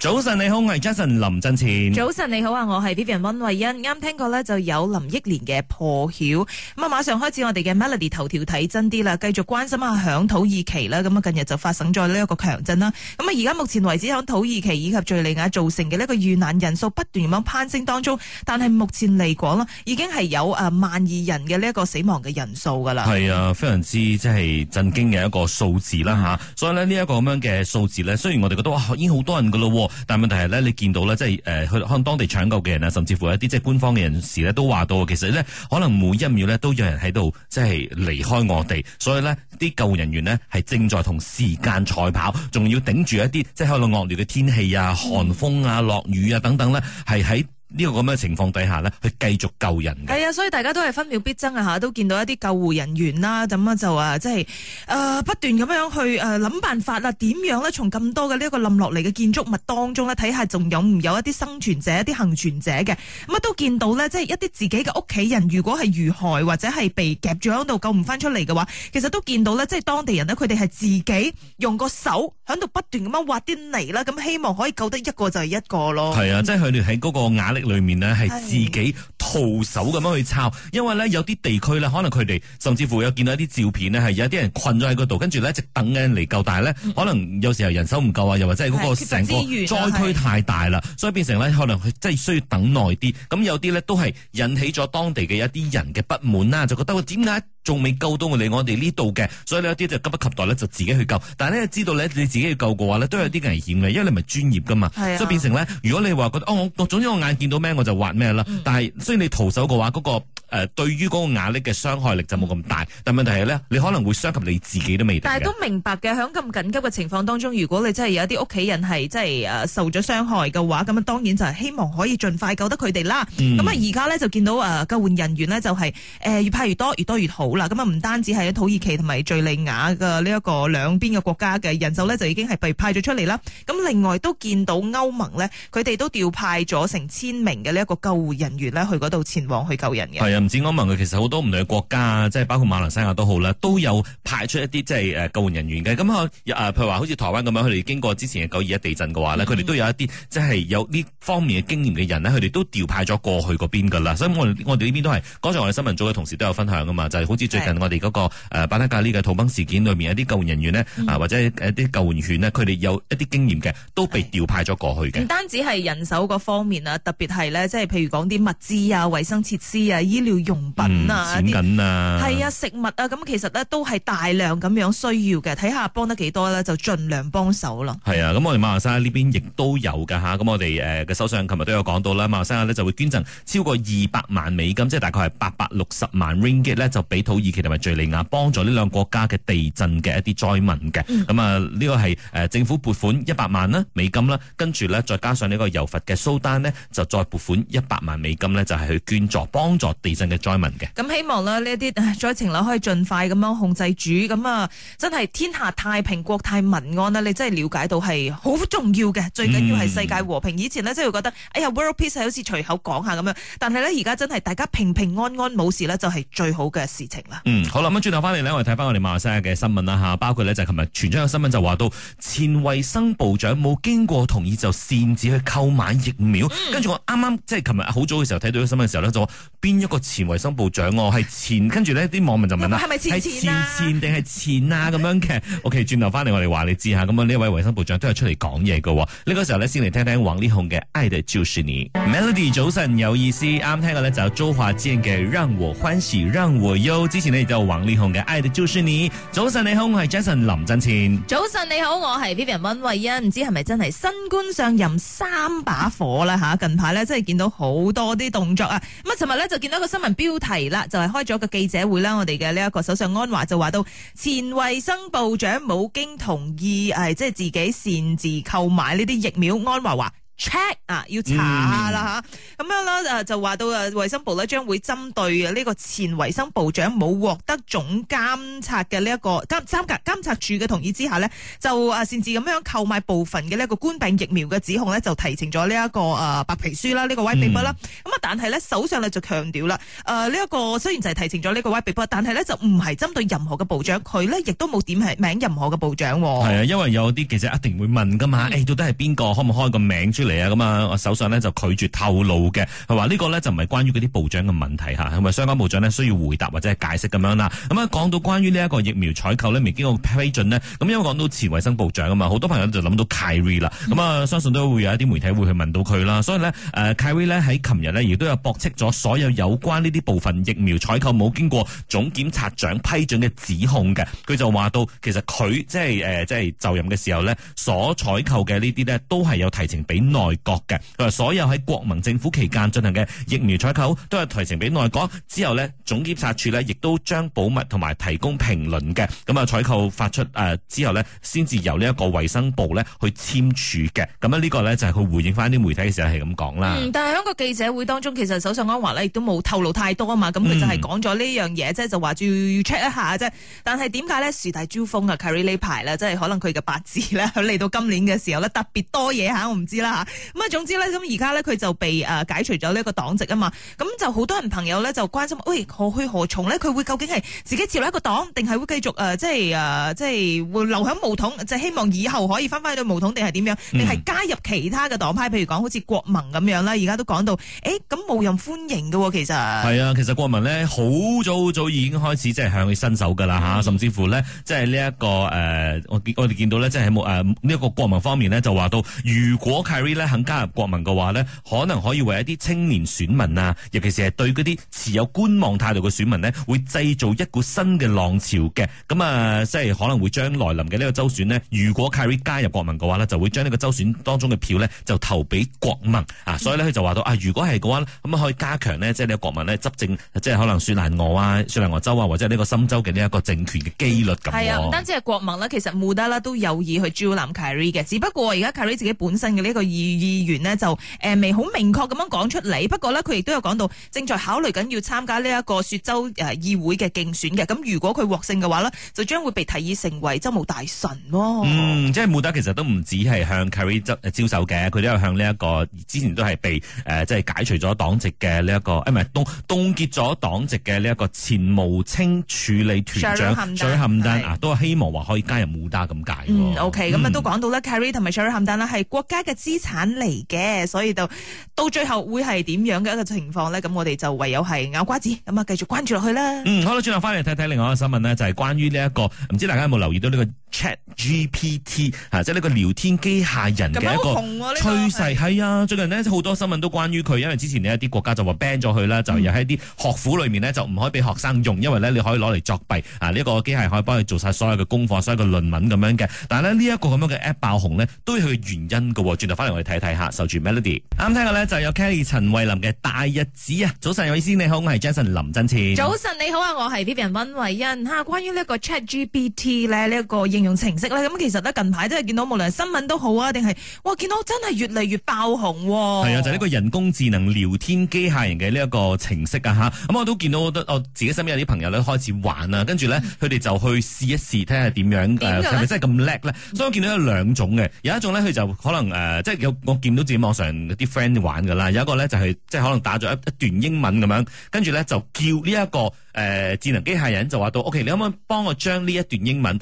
早晨，你好，我係 Jason 林振前。早晨，你好啊，我係 Vivian 溫慧欣。啱聽過呢就有林憶蓮嘅破曉。咁啊，馬上開始我哋嘅 Melody 頭條睇真啲啦，繼續關心下響土耳其啦。咁啊，近日就發生咗呢一個強震啦。咁啊，而家目前為止響土耳其以及敘利亞造成嘅呢一個遇難人數不斷咁樣攀升當中，但係目前嚟講啦，已經係有誒萬二人嘅呢一個死亡嘅人數噶啦。係啊，非常之即係震驚嘅一個數字啦吓。嗯、所以呢，呢、呢、一個咁樣嘅數字呢，雖然我哋覺得、啊、已經好多人噶啦。但問題係咧，你見到咧，即係誒，去看當地搶救嘅人啊，甚至乎一啲即係官方嘅人士咧，都話到，其實咧，可能每一秒咧，都有人喺度即係離開我哋，所以咧，啲救護人員呢，係正在同時間賽跑，仲要頂住一啲即係可能惡劣嘅天氣啊、寒風啊、落雨啊等等咧，係喺呢個咁嘅情況底下呢，去繼續救人。係啊，所以大家都係分秒必爭啊！吓，都見到一啲救護人員啦，咁啊就啊，即係誒不斷咁樣去誒諗、呃、辦法啦，點樣呢？從咁多嘅呢一個冧落嚟嘅建築物當中呢，睇下仲有唔有一啲生存者、一啲幸存者嘅咁啊？都見到呢，即係一啲自己嘅屋企人，如果係遇害或者係被夾住喺度救唔翻出嚟嘅話，其實都見到呢，即係當地人呢，佢哋係自己用個手喺度不斷咁樣挖啲泥啦，咁希望可以救得一個就係一個咯。係啊，即係佢哋喺嗰個眼。裏面咧係自己。徒手咁樣去抄，因為呢，有啲地區呢，可能佢哋甚至乎有見到一啲照片呢，係有啲人困咗喺嗰度，跟住呢，一直等緊嚟救，但係呢，可能有時候人手唔夠啊，又或者係嗰個成個災區太大啦，所以變成呢，可能佢真係需要等耐啲。咁有啲呢，都係引起咗當地嘅一啲人嘅不滿啦，就覺得點解仲未救到我哋？我哋呢度嘅？所以呢，有啲就急不及待呢，就自己去救，但係呢，知道呢，你自己去救嘅話呢，都有啲危險嘅，因為你唔係專業噶嘛，所以變成呢，如果你話覺得哦我，總之我眼見到咩我就挖咩啦，嗯、但係你逃走嘅話，嗰、那個。誒、呃，對於嗰個壓力嘅傷害力就冇咁大，但係問題係咧，你可能會傷及你自己都未定。但係都明白嘅，喺咁緊急嘅情況當中，如果你真係有一啲屋企人係真係誒、呃、受咗傷害嘅話，咁當然就係希望可以盡快救得佢哋啦。咁啊而家咧就見到誒、呃、救援人員呢，就係、是、誒、呃、越派越多，越多越好啦。咁啊唔單止係土耳其同埋敘利亞嘅呢一個兩邊嘅國家嘅人手呢，就已經係被派咗出嚟啦。咁另外都見到歐盟呢，佢哋都調派咗成千名嘅呢一個救援人員呢，去嗰度前往去救人嘅。唔止安問佢，其實好多唔同嘅國家，即係包括馬來西亞都好啦，都有派出一啲即係誒救援人員嘅。咁我誒，譬如話，好似台灣咁樣，佢哋經過之前嘅九二一地震嘅話咧，佢哋、嗯、都有一啲即係有呢方面嘅經驗嘅人咧，佢哋都調派咗過去嗰邊噶啦。嗯、所以我我哋呢邊都係，剛才我哋新聞組嘅同事都有分享噶嘛，就係、是、好似最近我哋嗰、那個誒是、啊、巴拿加尼嘅土崩事件裏面一啲救援人員呢，啊、嗯、或者一啲救援犬呢，佢哋有一啲經驗嘅，都被調派咗過去嘅。唔單止係人手嗰方面啦，特別係咧，即係譬如講啲物資啊、衛生設施啊、醫用品啊，錢銀、嗯、些啊，係啊，食物啊，咁其實咧都係大量咁樣需要嘅，睇下幫得幾多咧，就盡量幫手咯，係啊，咁我哋馬來西亞呢邊亦都有噶吓，咁、啊、我哋誒嘅首相，琴日都有講到啦，馬來西亞呢，就會捐贈超過二百萬美金，即係大概係八百六十萬 ringgit 呢，就俾土耳其同埋敘利亞幫助呢兩個國家嘅地震嘅一啲災民嘅。咁、嗯、啊，呢、這個係誒政府撥款一百萬啦美金啦，跟住咧再加上呢個油佛嘅蘇丹呢，就再撥款一百萬美金呢，就係去捐助幫助地震嘅災民嘅，咁希望呢一啲災情咧可以盡快咁樣控制住，咁啊真係天下太平國泰民安啦！你真係了解到係好重要嘅，最緊要係世界和平。嗯、以前呢，真係覺得，哎呀，world peace 係好似隨口講下咁樣，但係呢，而家真係大家平平安安冇事呢，就係最好嘅事情啦。嗯，好啦，咁轉頭翻嚟呢，我哋睇翻我哋馬來西亞嘅新聞啦嚇，包括呢，就係琴日傳出嘅新聞就話到前衛生部長冇經過同意就擅自去購買疫苗，嗯、跟住我啱啱即係琴日好早嘅時候睇到新聞嘅時候呢，就話邊一個？前衛生部長我係前跟住呢啲網民就問啦，係咪前前定、啊、係前,前,前啊咁 樣嘅？OK，轉頭翻嚟我哋話你知下咁樣呢位衛生部長都有出嚟講嘢喎。呢、這個時候呢，先嚟聽聽王力宏嘅《愛的就是你》。 Melody 早晨有意思，啱聽嘅呢就有周華健嘅《讓我歡喜讓我憂》。之前呢就有王力宏嘅《愛的就是你》。早晨你好，我係 Jason 林振前。早晨你好，我係 Vivian 温慧欣、啊。唔知係咪真係新官上任三把火啦吓、啊？近排呢，真係見到好多啲動作啊！咁啊，尋日呢，就見到個新。新聞標題啦，就係、是、開咗個記者會啦。我哋嘅呢一個首相安華就話到，前衛生部長冇經同意，誒，即係自己擅自購買呢啲疫苗。安華話。check 啊，要查下啦吓，咁樣咧就就話到啊，衛生部咧將會針對呢個前衛生部長冇獲得總監察嘅呢一個監監監察處嘅同意之下咧，就啊擅自咁樣購買部分嘅呢個冠病疫苗嘅指控咧，就提呈咗呢一個啊白皮書啦，呢個 white paper 啦。咁啊，但係咧手上咧就強調啦，誒呢一個雖然就係提呈咗呢個 white paper，但係咧就唔係針對任何嘅部長，佢咧亦都冇點係名任何嘅部長。係啊，因為有啲記者一定會問噶嘛，誒到底係邊個可唔可以開個名出嚟？嚟啊，咁啊，首相咧就拒絕透露嘅，佢話呢個咧就唔係關於嗰啲部長嘅問題嚇，係咪相關部長呢需要回答或者係解釋咁樣啦？咁啊講到關於呢一個疫苗採購咧未經過批准呢。咁因為講到前衞生部長啊嘛，好多朋友就諗到 Khairy 啦、嗯，咁啊相信都會有一啲媒體會去問到佢啦。所以呢誒 Khairy 咧喺琴日呢亦都有駁斥咗所有有關呢啲部分疫苗採購冇經過總檢察長批准嘅指控嘅，佢就話到其實佢即係誒即係就任嘅時候呢，所採購嘅呢啲呢都係有提前俾內閣嘅佢話，所有喺國民政府期間進行嘅疫苗採購都係提呈俾內閣之後咧總檢察處呢，亦都將保密同埋提供評論嘅咁啊採購發出誒之後呢，先至由呢一個衛生部呢去簽署嘅咁樣，呢個呢，就係佢回應翻啲媒體嘅時候係咁講啦。但係喺個記者會當中，其實首相安華呢亦都冇透露太多啊嘛，咁佢就係講咗呢樣嘢即係，嗯、就話要 check 一下啫。但係點解呢？樹大招風啊？Carrie 呢排呢，即係可能佢嘅八字呢，佢嚟到今年嘅時候呢，特別多嘢吓，我唔知啦咁啊，總之咧，咁而家咧，佢就被誒解除咗呢個黨籍啊嘛，咁就好多人朋友咧就關心，喂、哎，何去何從咧？佢會究竟係自己設立一個黨，定係會繼續誒、啊，即係誒，即係會留喺毛統，就是、希望以後可以翻翻去到毛統，定係點樣？定係加入其他嘅黨派，譬如講好似國民咁樣啦。而家都講到，誒，咁冇人歡迎喎。」其實係啊，啊，其實國民咧好早好早已經開始即係向佢伸手噶啦吓，嗯、甚至乎咧、這個，即係呢一個誒，我我哋見到咧，即係喺誒呢一個國民方面咧，就話到如果肯加入國民嘅話呢可能可以為一啲青年選民啊，尤其是係對嗰啲持有觀望態度嘅選民呢，會製造一股新嘅浪潮嘅。咁啊、呃，即係可能會將來臨嘅呢個州選呢，如果 Kerry 加入國民嘅話呢就會將呢個州選當中嘅票呢，就投俾國民啊。所以呢，佢就話到啊，如果係嘅話，咁啊可以加強呢，即係呢個國民呢執政，即係可能雪蘭莪啊、雪蘭莪州啊或者呢個深州嘅呢一個政權嘅機率咁。係啊，唔單止係國民呢，其實穆達拉都有意去招攬 Kerry 嘅，只不過而家 Kerry 自己本身嘅呢一個意。議員呢就誒未好明確咁樣講出嚟，不過呢，佢亦都有講到正在考慮緊要參加呢一個雪州誒議會嘅競選嘅。咁如果佢獲勝嘅話呢，就將會被提議成為州務大臣喎。嗯，即係烏達其實都唔止係向 Kerry 執招手嘅，佢都有向呢、這、一個之前都係被誒即係解除咗黨籍嘅呢一個，誒唔係凍凍結咗黨籍嘅呢一個前無清處理團長尚漢丹啊，都希望話可以加入烏達咁解。OK 咁啊都講到啦，Kerry 同埋尚漢丹啦，係國家嘅支產嚟嘅，所以就到最後會係點樣嘅一個情況咧？咁我哋就唯有係咬瓜子，咁啊繼續關注落去啦。嗯，好啦，轉頭翻嚟睇睇另外一個新聞咧，就係關於呢一個、這個，唔知大家有冇留意到呢、這個。Chat GPT 啊，即係呢個聊天機械人嘅一個趨勢，係啊，是最近呢好多新聞都關於佢，因為之前咧一啲國家就話 ban 咗佢啦，就又喺啲學府裏面呢，就唔可以俾學生用，因為呢你可以攞嚟作弊啊，呢、這個機械可以幫佢做晒所有嘅功課、所有嘅論文咁樣嘅。但係咧呢一、這個咁樣嘅 app 爆紅呢，都要有佢原因噶。轉頭翻嚟我哋睇睇下，受住 Melody 啱聽嘅呢就是、有 Kelly 陳慧琳嘅大日子啊！早晨，有冇意思你好，我係 Jason 林振前。早晨，你好啊，我係 Vivian 溫慧欣。吓，關於呢個 Chat GPT 咧，呢、這、一個。應用程式咧，咁其實咧近排真係見到無，無論新聞都好啊，定係哇，見到真係越嚟越爆紅。係啊，就呢、是、個人工智能聊天機械人嘅呢一個程式啊，吓、嗯，咁我都見到，我自己身邊有啲朋友咧開始玩啊，跟住咧佢哋就去試一試，睇下點樣，係咪、呃、真係咁叻咧？所以我見到有兩種嘅，有一種咧佢就可能誒，即、呃、係、就是、有我見到自己網上啲 friend 玩噶啦，有一個咧就係即係可能打咗一一段英文咁樣，跟住咧就叫呢、這、一個誒、呃、智能機械人就話到，OK，你可唔可以幫我將呢一段英文？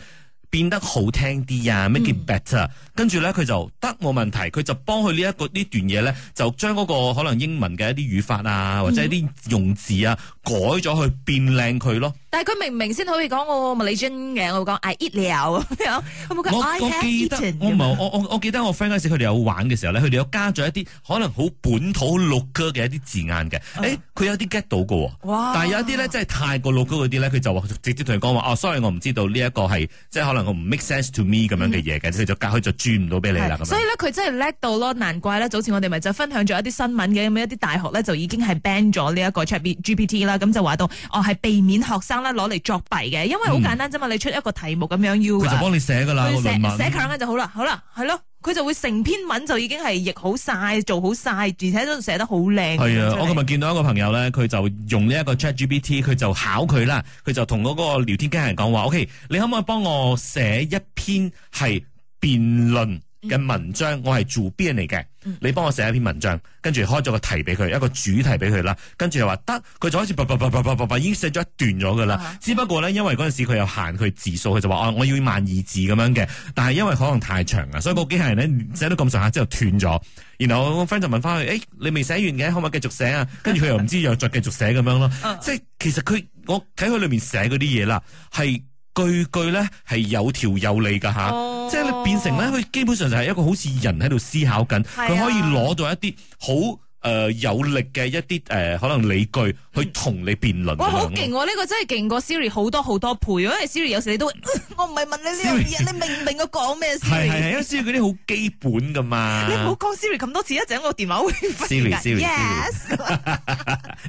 變得好聽啲啊，make it better。跟住咧，佢就得，冇問題，佢就幫佢呢一個呢段嘢咧，就將嗰個可能英文嘅一啲語法啊，嗯、或者一啲用字啊，改咗去變靚佢咯。但係佢明明先可以講我唔係你真嘅，我會講 I eat you 咁樣，佢冇講 I have eaten。我我記得我唔係我我我記得我 friend 嗰時佢哋有玩嘅時候咧，佢哋有加咗一啲可能好本土好 local 嘅一啲字眼嘅，誒佢有啲 get 到嘅，但係有一啲咧真係太過 local 嗰啲咧，佢就話直接同佢講話哦，sorry 我唔知道呢一個係即係可能我唔 make sense to me 咁樣嘅嘢嘅，所以就教佢就轉唔到俾你啦。所以咧佢真係叻到咯，難怪咧早前我哋咪就分享咗一啲新聞嘅咁樣，一啲大學咧就已經係 ban 咗呢一個 ChatGPT 啦，咁就話到哦係避免學生。攞嚟作弊嘅，因為好簡單啫嘛，嗯、你出一個題目咁樣要佢就幫你寫噶啦，寫寫強嘅就好啦，好啦，係咯，佢就會成篇文就已經係譯好晒，做好晒，而且都寫得好靚。係啊的，來我琴日見到一個朋友咧，佢就用呢一個 ChatGPT，佢就考佢啦，佢就同嗰個聊天機器人講話、嗯、，OK，你可唔可以幫我寫一篇係辯論？嘅文章我係做邊嚟嘅，你幫我寫一篇文章，跟住開咗個題俾佢，一個主題俾佢啦，跟住又話得，佢就開始啪啪啪啪啪啪啪已經寫咗一段咗噶啦，Okay. 只不過咧因為嗰陣時佢又限佢字數，佢就話我要萬二字咁樣嘅，但係因為可能太長啊，所以個機械人咧寫到咁上下之後斷咗，然後我 friend 就問翻佢，誒、欸、你未寫完嘅，可唔可以繼續寫啊？跟住佢又唔知 又再繼續寫咁樣咯，uh. 即係其實佢我睇佢裏面寫嗰啲嘢啦係。句句咧係有條有理噶吓，oh. 即係你變成咧，佢基本上就係一個好似人喺度思考緊，oh. 佢可以攞到一啲好。誒、呃，有力嘅一啲誒、呃，可能理據去同你辯論。哇，好勁！呢、啊這個真係勁過 Siri 好多好多倍，因為 Siri 有時你都會、嗯、我唔係問你呢樣嘢，Siri，你明唔明我講咩先？係係，因為 Siri 嗰啲好基本噶嘛。 你唔好講 Siri 咁多次，一陣我電話會。Siri Siri Yes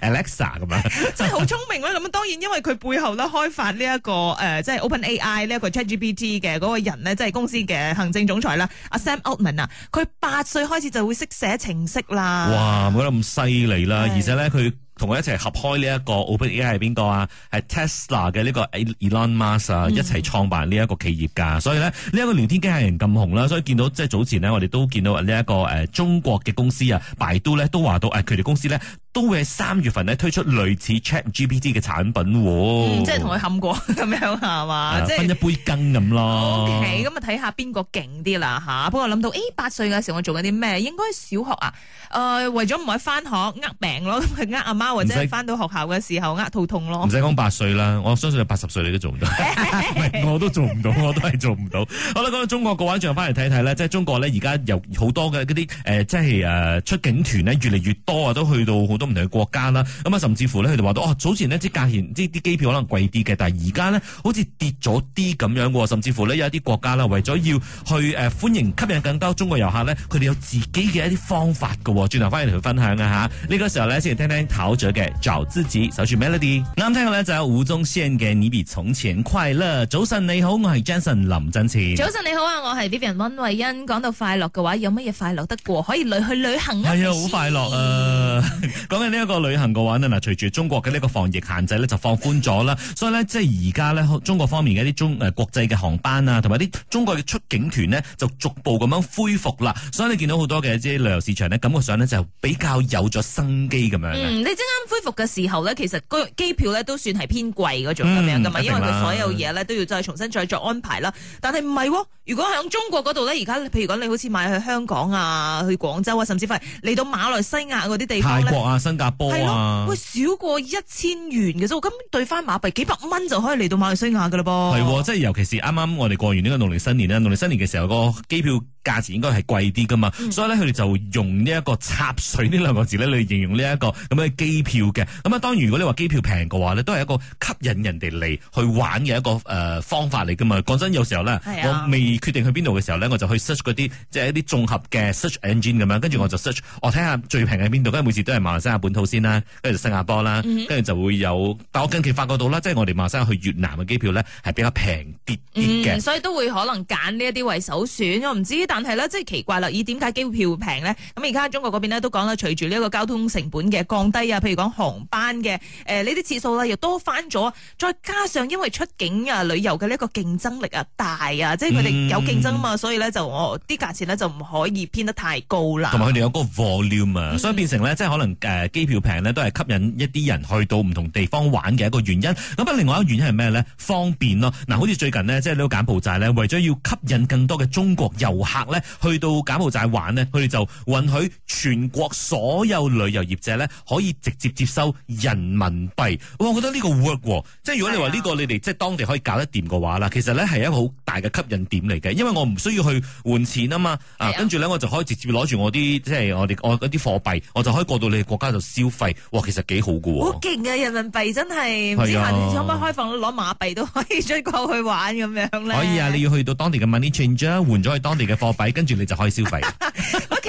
Alexa 咁樣、啊，真係好聰明啦！咁當然，因為佢背後咧開發呢、這、一個誒，即、呃、係、就是、Open AI 呢一個 Chat GPT 嘅嗰個人呢，即、就、係、是、公司嘅行政總裁啦，阿 Sam Altman 啊，佢八歲開始就會識寫程式啦。哇唔會咁犀利啦，對而且咧佢。同佢一齊合開呢一個 OpenAI 係邊個啊？係 Tesla 嘅呢個 Elon Musk 啊，一齊創辦呢一個企業噶。嗯、所以咧，呢、這、一個聊天機器人咁紅啦，所以見到即係早前呢，我哋都見到呢、這、一個誒、呃、中國嘅公司啊，百度咧都話到佢哋、呃、公司咧都會喺三月份呢推出類似 ChatGPT 嘅產品、啊嗯，即係同佢冚過咁樣係嘛，啊、即是分一杯羹咁咯。OK，咁啊睇下邊個勁啲啦吓。不過諗到誒八歲嘅時候我做緊啲咩？應該小學啊，誒為咗唔可以翻學，呃學病咯，咁呃阿媽。或者翻到學校嘅時候，呃用肚痛咯。唔使講八歲啦，我相信你八十歲你都做唔到， 到，我都做唔到，我都係做唔到。好啦，講到中國個景象，翻嚟睇睇咧，即係中國咧而家有好多嘅嗰啲誒，即係誒、呃、出境團咧越嚟越多啊，都去到好多唔同嘅國家啦。咁啊，甚至乎咧，佢哋話到哦，早前呢，啲價錢，即啲機票可能貴啲嘅，但係而家呢，好似跌咗啲咁樣嘅，甚至乎咧有一啲國家啦，為咗要去誒歡迎吸引更多中國遊客呢，佢哋有自己嘅一啲方法嘅。轉頭翻嚟同佢分享下。呢個時候咧先嚟聽聽咗嘅找之子守住 Melody 啱聽嘅咧就有胡宗憲嘅你比從前快樂。早晨你好，我係 Jason 林振前。早晨你好啊，我係 Vivian 溫慧欣。講到快樂嘅話，有乜嘢快樂得過可以去旅行啊？係啊、哎，好快樂啊！ 講緊呢一個旅行嘅話咧，嗱，隨住中國嘅呢一個防疫限制咧就放寬咗啦，所以呢，即係而家呢，中國方面嘅一啲中誒、呃、國際嘅航班啊，同埋啲中國嘅出境團呢，就逐步咁樣恢復啦，所以你見到好多嘅即係旅遊市場呢，感覺上呢，就比較有咗生機咁樣、嗯啱恢復嘅時候咧，其實機票咧都算係偏貴嗰種咁樣噶嘛，嗯、吧因為佢所有嘢咧都要再重新再作安排啦。但係唔係，如果喺中國嗰度咧，而家譬如講你好似買去香港啊、去廣州啊，甚至乎嚟到馬來西亞嗰啲地方咧，泰國啊、新加坡啊，會少過一千元嘅啫。咁對翻馬幣幾百蚊就可以嚟到馬來西亞噶啦噃。係、哦，即係尤其是啱啱我哋過完呢個農曆新年呢，農曆新年嘅時候個機票。價錢應該係貴啲㗎嘛，嗯、所以咧佢哋就用呢一個插水呢兩個字咧嚟形容呢一個咁嘅機票嘅。咁啊，當然如果你話機票平嘅話咧，都係一個吸引人哋嚟去玩嘅一個誒、呃、方法嚟㗎嘛。講真，有時候咧，啊、我未決定去邊度嘅時候咧，我就去 search 嗰啲即係一啲綜合嘅 search engine 咁樣，跟住我就 search，、嗯、我睇下最平喺邊度。跟住，每次都係馬來西亞本土先啦，跟住新加坡啦，跟住、嗯、哼就會有。但我近期發覺到啦，即、就、係、是、我哋馬來西亞去越南嘅機票咧係比較平啲嘅，所以都會可能揀呢一啲為首選。我唔知，但係咧，即係奇怪啦，以點解機票平咧？咁而家中國嗰邊咧都講啦，隨住呢個交通成本嘅降低啊，譬如講航班嘅誒呢啲次數啦又多返咗，再加上因為出境啊旅遊嘅呢個競爭力啊大啊，即係佢哋有競爭啊嘛，嗯、所以咧就我啲價錢咧就唔可以偏得太高啦。同埋佢哋有，有個 volume 啊、嗯，所以變成呢，即係可能機票平呢都係吸引一啲人去到唔同地方玩嘅一個原因。咁另外一個原因係咩咧？方便咯。嗱，好似最近呢，即係呢個柬埔寨咧，為咗要吸引更多嘅中國遊客。去到柬埔寨玩呢，佢哋就允許全國所有旅遊業者呢可以直接接收人民幣。哇，我覺得呢個 work，即係如果你話呢、這個的你哋即係當地可以搞得掂嘅話啦，其實呢係一個好大嘅吸引點嚟嘅。因為我唔需要去換錢啊嘛，跟住的、啊、呢我就可以直接攞住我啲即係我哋我嗰啲貨幣，我就可以過到你哋國家度消費。哇，其實幾好噶。好勁噶，人民幣真係唔知的可唔可以開放攞馬幣都可以追過去玩咁樣咧。可以啊，你要去到當地嘅 money changer 換咗去當地嘅貨幣。 貨幣跟住你就可以消費。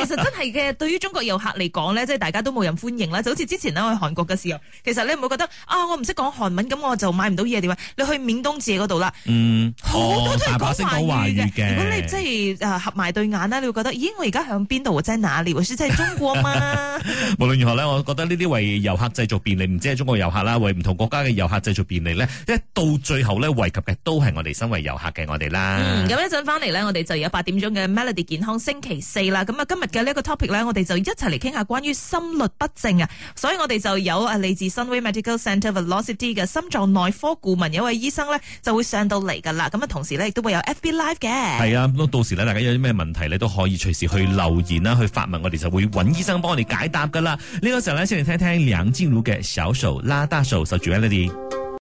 其實真係嘅，對於中國遊客嚟講咧，即係大家都冇人歡迎啦。就好似之前咧，我去韓國嘅時候，其實你唔會覺得啊、哦，我唔識講韓文，咁我就買唔到嘢點啊？你去免東寺嗰度啦，好多、嗯哦、都係講華語嘅。語如果你即係合埋對眼啦，你會覺得咦？我而家響邊度？即係哪裏？或者即係中國嘛？ 無論如何咧，我覺得呢啲為遊客製造便利，唔止係中國遊客啦，為唔同國家嘅遊客製造便利咧，一到最後呢，惠及嘅都係我哋身為遊客嘅我哋啦。咁一陣翻嚟呢，我哋就有八點鐘嘅 Melody 健康星期四啦。咁啊，今日嘅呢個 topic 呢，我哋就一齊嚟傾下關於心律不正啊，所以我哋就有啊嚟自 Sunway Medical Center Velocity 嘅心臟內科顧問一位醫生呢，就會上到嚟㗎啦。咁啊，同時呢，亦都會有 FB Live 嘅。係啊，到時呢，大家有啲咩問題呢，都可以隨時去留言啦，去發問，我哋就會揾醫生幫我哋解答㗎啦。呢、這個時候呢，先嚟聽聽梁靜茹嘅《小手拉大手》s 住 c u r